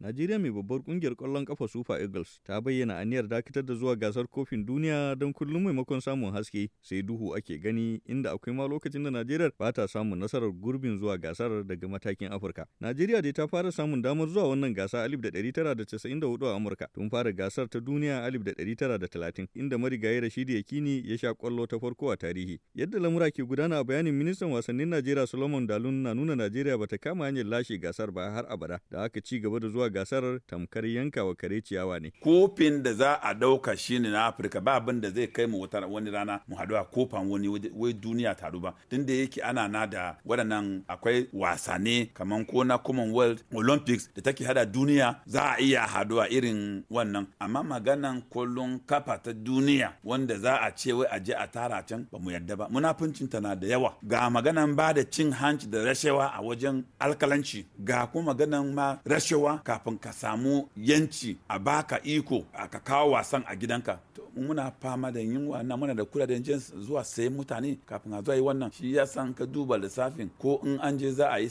Najeriya mai babbar kungiyar kwallon kafa Super Eagles ta bayyana aniyar dakatar da zuwa gasar kofin duniya don kullum maimakon samun haske sai duhu ake gani inda akwai ma lokacin da Najeriya ba ta samun nasarar gurbin zuwa gasar daga matakin Afirka. Najeriya dai ta fara samun damar zuwa wannan gasa 1994 a Amurka tun fara gasar ta duniya 1930 inda marigayi Rashidi Yakini ya sha kwallo ta farko a tarihi. Yadda lamura ke gudana a bayanin ministan wasannin Najeriya Solomon Dalun na nuna Najeriya ta kama hanyar lashe gasar ba har abada da aka ci gaba da zuwa gasar tamkar wa kare ciyawa ne. Kofin da za a ɗauka ne na Afirka ba abin da zai kai mu wata wani rana mu haɗu a kofan wani wai duniya taru ba. Tun da yake ana na da waɗannan akwai wasane kamar ko na Commonwealth Olympics da take hada duniya za a iya haɗuwa irin wannan. Amma maganan kolon kafa ta duniya wanda za a ce wai a je a tara can ba mu yarda ba. Munafuncin ta na da yawa. Ga maganan ba da cin hanci da rashewa a wajen alkalanci ga kuma maganan ma rashewa ka. kafin ka samu yanci a baka iko a ka kawo wasan a gidanka to muna fama da yunwa na muna da kudaden jin zuwa sayan mutane kafin a zuwa yi wannan shi ya san ka duba lissafin ko in an je za a yi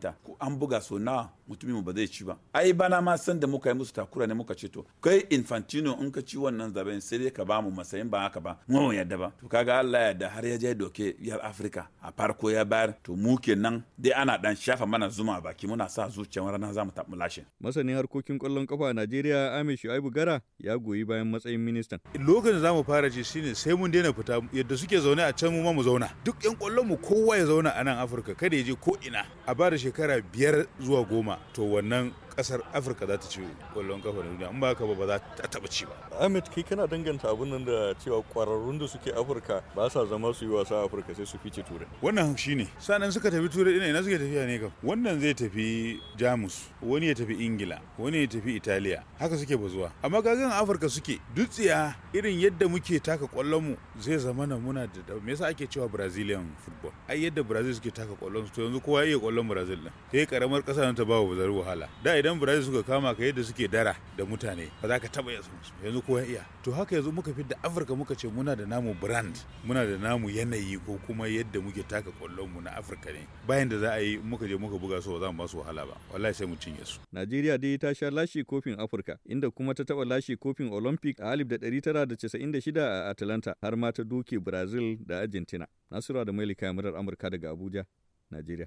ta ko an buga so nawa mutumin mu ba zai ci ba ai bana ma san da muka yi musu takura ne muka ce to kai infantino in ka ci wannan zaben sai dai ka ba mu masayin ba haka ba mu yadda ba to kaga Allah ya da har ya je doke yar Africa a farko ya bayar to mu kenan dai ana dan shafa mana zuma baki muna sa zuciyar rana za mu tabu lashe masanin harkokin kwallon kafa a Najeriya Amir Shu'aibu Gara ya goyi bayan matsayin ministan lokacin da zamu fara ji shine sai mun daina fita yadda suke zaune a can mu ma mu zauna duk yan kwallon mu kowa ya zauna a nan Afirka kada ya je ko ina a bada shekara biyar zuwa goma to wannan kasar afirka za ta ci kwallon kafa na duniya in ba haka ba ba za ta taba ci ba ahmed kai kana danganta abin nan da cewa kwararrun da suke afirka ba sa zama su yi wasa afirka sai su fice turai wannan ne. sanan suka tafi turai ina ina suke tafiya ne kam wannan zai tafi jamus wani ya tafi ingila wani ya tafi italiya haka suke bazuwa amma kagan afirka suke dutsiya irin yadda muke taka kwallon mu zai zama na muna da me yasa ake cewa brazilian football ai yadda brazil suke taka kwallon su to yanzu kowa ya iya kwallon brazil din sai karamar kasa ta ba wa wahala da idan idan birayi suka kama ka yadda suke dara da mutane ba za ka taba yasu yanzu ko iya to haka yanzu muka fi da afirka muka ce muna da namu brand muna da namu yanayi ko kuma yadda muke taka kwallon mu na afirka ne bayan da za a yi muka je muka buga su ba za mu ba su wahala ba wallahi sai mu cinye su najeriya dai ta sha lashe kofin afirka inda kuma ta taba lashe kofin olympic a 1996 a atlanta har ma ta duke brazil da argentina nasura da mailika murar amurka daga abuja najeriya